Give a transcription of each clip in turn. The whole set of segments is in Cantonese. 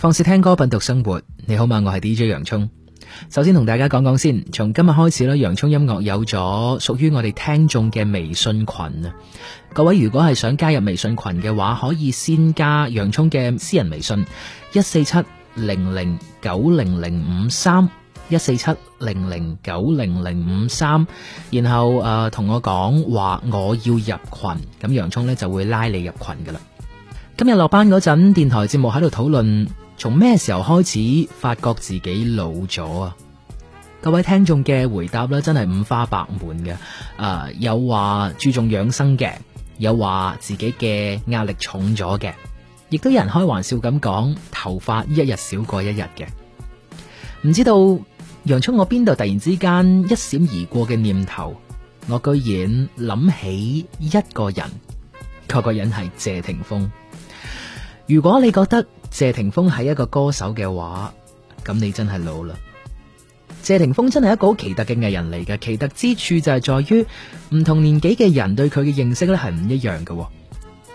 放肆聽歌，品讀生活。你好嗎？我係 DJ 洋蔥。首先同大家講講先，從今日開始咧，洋蔥音樂有咗屬於我哋聽眾嘅微信群啊。各位如果係想加入微信群嘅話，可以先加洋蔥嘅私人微信一四七零零九零零五三一四七零零九零零五三，147-00-900-53, 147-00-900-53, 然後誒同、呃、我講話我要入群，咁洋蔥咧就會拉你入群噶啦。今日落班嗰陣，電台節目喺度討論。從咩時候開始發覺自己老咗啊？各位聽眾嘅回答咧，真係五花八門嘅。啊，有話注重養生嘅，有話自己嘅壓力重咗嘅，亦都有人開玩笑咁講，頭髮一日少過一日嘅。唔知道揚出我邊度突然之間一閃而過嘅念頭，我居然諗起一個人，嗰個人係謝霆鋒。如果你覺得，謝霆鋒係一個歌手嘅話，咁你真係老啦。謝霆鋒真係一個好奇特嘅藝人嚟嘅，奇特之處就係在於唔同年紀嘅人對佢嘅認識咧係唔一樣嘅。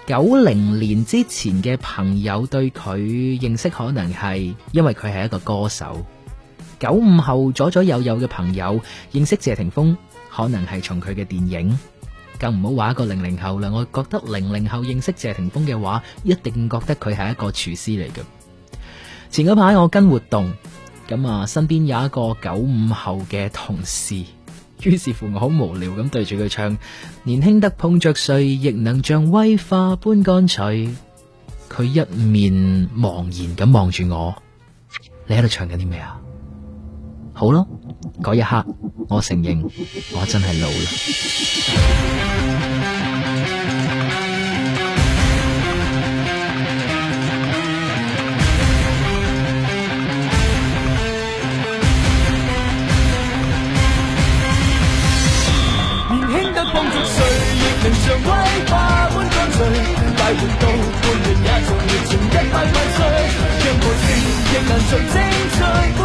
九零年之前嘅朋友對佢認識可能係因為佢係一個歌手，九五後左左右右嘅朋友認識謝霆鋒可能係從佢嘅電影。更唔好話一個零零後啦，我覺得零零後認識謝霆鋒嘅話，一定覺得佢係一個廚師嚟嘅。前嗰排我跟活動，咁啊身邊有一個九五後嘅同事，於是乎我好無聊咁對住佢唱，年輕得碰着誰，亦能像威化般乾脆。佢一面茫然咁望住我，你喺度唱緊啲咩啊？好咯。嗰一刻，我承認，我真係老啦。年輕得碰着，誰亦能像威化般乾脆。快活到半日也像活盡一百萬歲。任何情亦能盡精彩。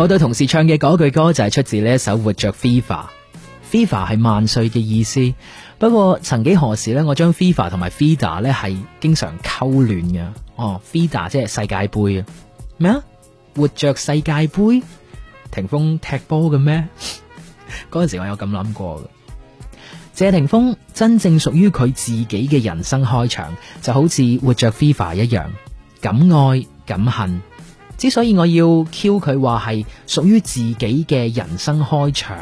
我對同事唱嘅嗰句歌就係出自呢一首《活着 Viva》，Viva 係萬歲嘅意思。不過曾幾何時呢？我將 Viva 同埋 FIFA 呢係經常溝亂嘅。哦，FIFA 即係世界盃啊？咩啊？活着世界盃？霆鋒踢波嘅咩？嗰 陣時我有咁諗過嘅。謝霆鋒真正屬於佢自己嘅人生開場，就好似《活着 Viva》一樣，敢愛敢恨。之所以我要 Q 佢話係屬於自己嘅人生開場，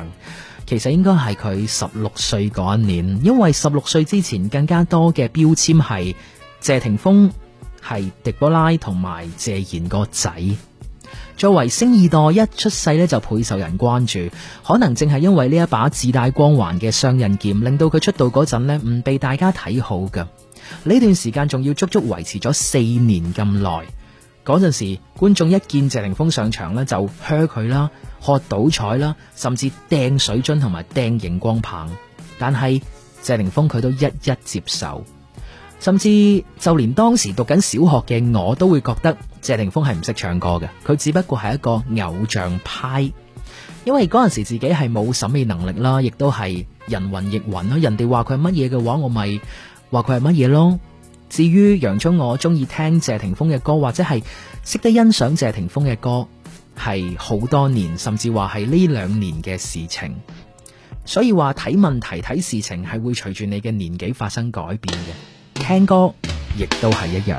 其實應該係佢十六歲嗰一年，因為十六歲之前更加多嘅標籤係謝霆鋒係迪波拉同埋謝賢個仔。作為星二代，一出世咧就倍受人關注，可能正係因為呢一把自帶光環嘅雙刃劍，令到佢出道嗰陣咧唔被大家睇好噶呢段時間，仲要足足維持咗四年咁耐。嗰陣時，觀眾一見謝霆鋒上場咧，就噓佢啦，喝倒彩啦，甚至掟水樽同埋掟熒光棒。但係謝霆鋒佢都一一接受，甚至就連當時讀緊小學嘅我都會覺得謝霆鋒係唔識唱歌嘅，佢只不過係一個偶像派。因為嗰陣時自己係冇審美能力啦，亦都係人云亦云啦。人哋話佢係乜嘢嘅話，我咪話佢係乜嘢咯。至於楊中，我中意聽謝霆鋒嘅歌，或者係識得欣賞謝霆鋒嘅歌，係好多年，甚至話係呢兩年嘅事情。所以話睇問題睇事情係會隨住你嘅年紀發生改變嘅，聽歌亦都係一樣。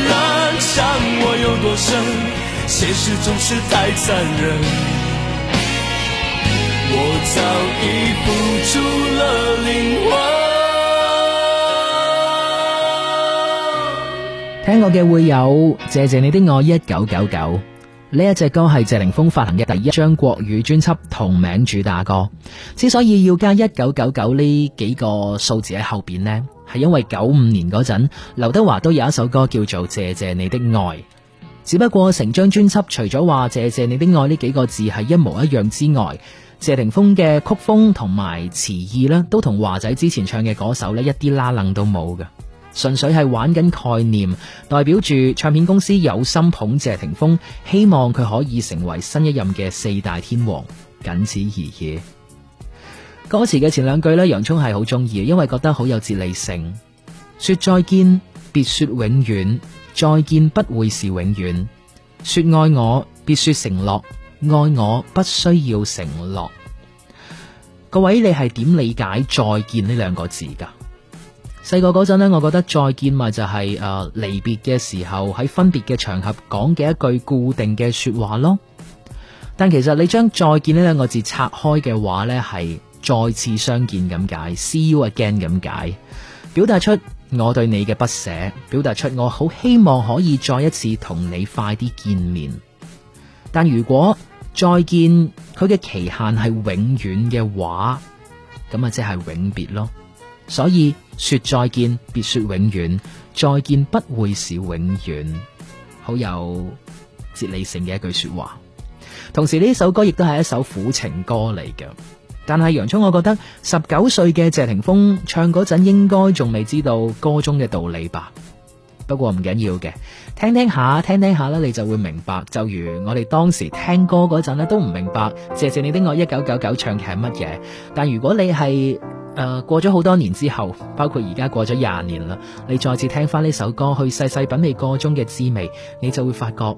現實總是太殘忍，我早已付出了靈魂。聽我嘅會友，謝謝你的愛。一九九九呢一隻歌係謝霆鋒發行嘅第一張國語專輯同名主打歌。之所以要加一九九九呢幾個數字喺後邊呢，係因為九五年嗰陣劉德華都有一首歌叫做《謝謝你的愛》。只不過成張專輯除咗話謝謝你的愛呢幾個字係一模一樣之外，謝霆鋒嘅曲風同埋詞意呢都同華仔之前唱嘅嗰首一啲拉楞都冇嘅，純粹係玩緊概念，代表住唱片公司有心捧謝霆鋒，希望佢可以成為新一任嘅四大天王，僅此而已。歌詞嘅前兩句呢，楊聰係好中意，因為覺得好有哲理性，說再見，別說永遠。再見不會是永遠，說愛我，別說承諾，愛我不需要承諾。各位，你係點理解再見呢兩個字㗎？細個嗰陣呢，我覺得再見咪就係、是、誒、呃、離別嘅時候，喺分別嘅場合講嘅一句固定嘅說話咯。但其實你將再見呢兩個字拆開嘅話呢，係再次相見咁解，See you again 咁解，表達出，我對你嘅不捨，表達出我好希望可以再一次同你快啲見面。但如果再見佢嘅期限係永遠嘅話，咁咪即係永別咯。所以說再見，別說永遠，再見不會是永遠，好有哲理性嘅一句說話。同時呢首歌亦都係一首苦情歌嚟嘅。但係楊聰，我覺得十九歲嘅謝霆鋒唱嗰陣應該仲未知道歌中嘅道理吧。不過唔緊要嘅，聽聽下聽聽下啦，你就會明白。就如我哋當時聽歌嗰陣咧，都唔明白《謝謝你的愛》一九九九唱嘅係乜嘢。但如果你係誒、呃、過咗好多年之後，包括而家過咗廿年啦，你再次聽翻呢首歌去細細品味歌中嘅滋味，你就會發覺。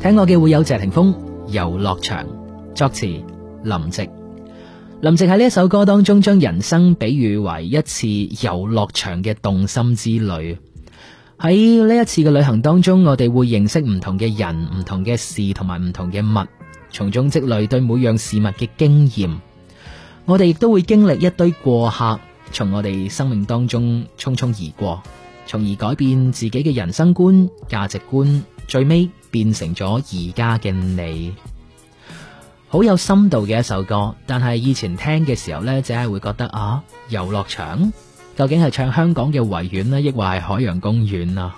聽我嘅會有謝霆鋒《遊樂場》，作詞林夕。林夕喺呢一首歌當中，將人生比喻為一次遊樂場嘅動心之旅。喺呢一次嘅旅行當中，我哋會認識唔同嘅人、唔同嘅事，同埋唔同嘅物，從中積累對每樣事物嘅經驗。我哋亦都會經歷一堆過客，從我哋生命當中匆匆而過，從而改變自己嘅人生觀、價值觀。最尾。變成咗而家嘅你，好有深度嘅一首歌。但係以前聽嘅時候呢，只係會覺得啊，遊樂場究竟係唱香港嘅維園呢，抑或係海洋公園啊？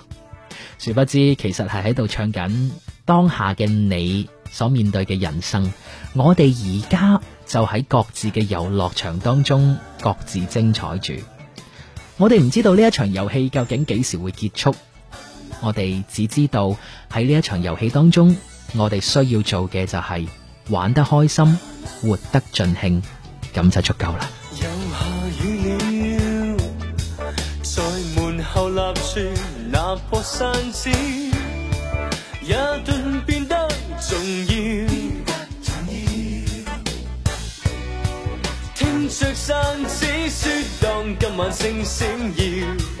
殊不知，其實係喺度唱緊當下嘅你所面對嘅人生。我哋而家就喺各自嘅遊樂場當中，各自精彩住。我哋唔知道呢一場遊戲究竟幾時會結束。我哋只知道喺呢一場遊戲當中，我哋需要做嘅就係、是、玩得開心，活得盡興，咁就足夠啦。有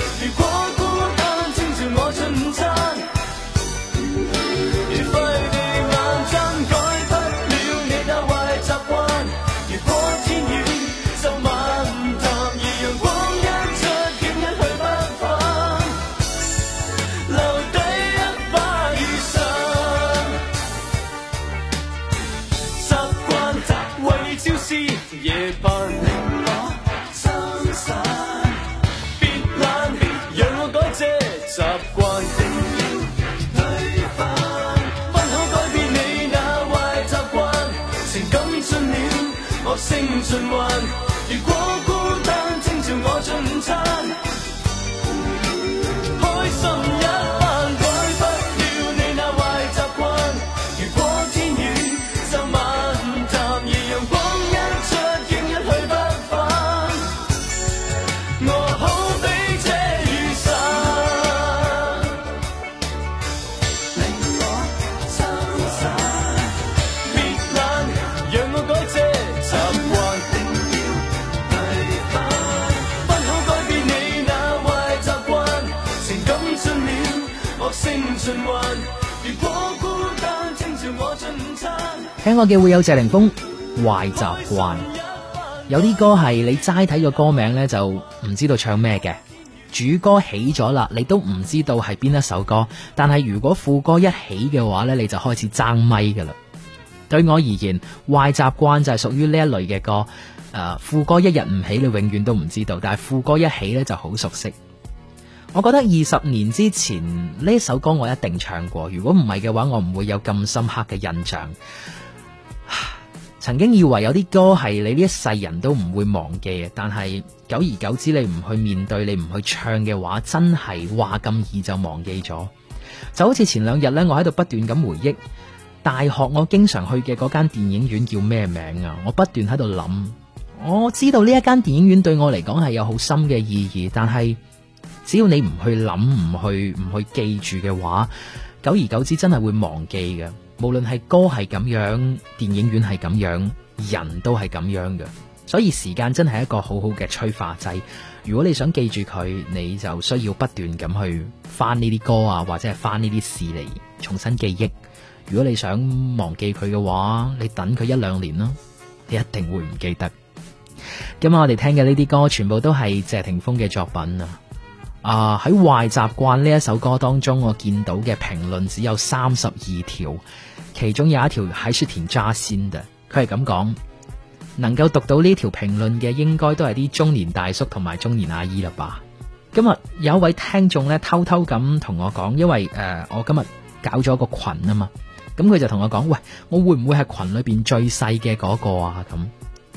我嘅會有謝霆鋒壞習慣，有啲歌係你齋睇個歌名呢，就唔知道唱咩嘅。主歌起咗啦，你都唔知道係邊一首歌。但係如果副歌一起嘅話呢，你就開始爭咪噶啦。對我而言，壞習慣就係屬於呢一類嘅歌。誒、啊，副歌一日唔起，你永遠都唔知道。但係副歌一起呢，就好熟悉。我覺得二十年之前呢首歌我一定唱過。如果唔係嘅話，我唔會有咁深刻嘅印象。曾經以為有啲歌係你呢一世人都唔會忘記嘅，但係久而久之你唔去面對、你唔去唱嘅話，真係話咁易就忘記咗。就好似前兩日呢，我喺度不斷咁回憶大學我經常去嘅嗰間電影院叫咩名啊？我不斷喺度諗，我知道呢一間電影院對我嚟講係有好深嘅意義，但係只要你唔去諗、唔去唔去記住嘅話，久而久之真係會忘記嘅。無論係歌係咁樣，電影院係咁樣，人都係咁樣嘅。所以時間真係一個好好嘅催化劑。如果你想記住佢，你就需要不斷咁去翻呢啲歌啊，或者係翻呢啲事嚟重新記憶。如果你想忘記佢嘅話，你等佢一兩年啦，你一定會唔記得。今啊，我哋聽嘅呢啲歌全部都係謝霆鋒嘅作品啊。啊，喺壞習慣呢一首歌當中，我見到嘅評論只有三十二條。其中有一條喺雪田揸先嘅，佢係咁講，能夠讀到呢條評論嘅，應該都係啲中年大叔同埋中年阿姨啦吧。今日有一位聽眾咧偷偷咁同我講，因為誒、呃，我今日搞咗個群啊嘛，咁佢就同我講，喂，我會唔會係群裏邊最細嘅嗰個啊？咁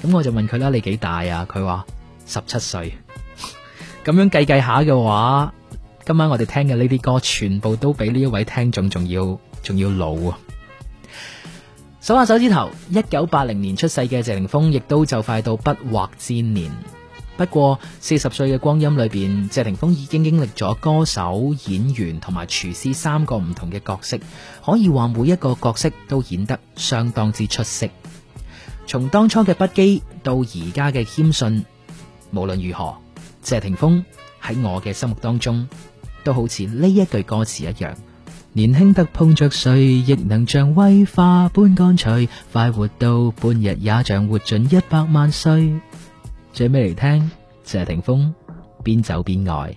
咁我就問佢啦，你幾大啊？佢話十七歲，咁樣計計下嘅話，今晚我哋聽嘅呢啲歌，全部都比呢一位聽眾仲要仲要老啊。數下手指頭，一九八零年出世嘅謝霆鋒，亦都就快到不惑之年。不過四十歲嘅光陰裏邊，謝霆鋒已經經歷咗歌手、演員同埋廚師三個唔同嘅角色，可以話每一個角色都演得相當之出色。從當初嘅不羈到而家嘅謙遜，無論如何，謝霆鋒喺我嘅心目當中，都好似呢一句歌詞一樣。年輕得碰着誰，亦能像威化般乾脆，快活到半日也像活盡一百萬歲。最尾嚟聽謝霆鋒邊走邊愛，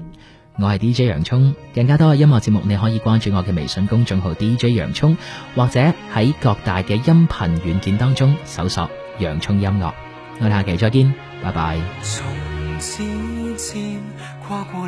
我係 D J 洋蔥，更加多嘅音樂節目你可以關注我嘅微信公眾號 D J 洋蔥，或者喺各大嘅音頻軟件當中搜索洋蔥音樂。我哋下期再見，拜拜。從前跨過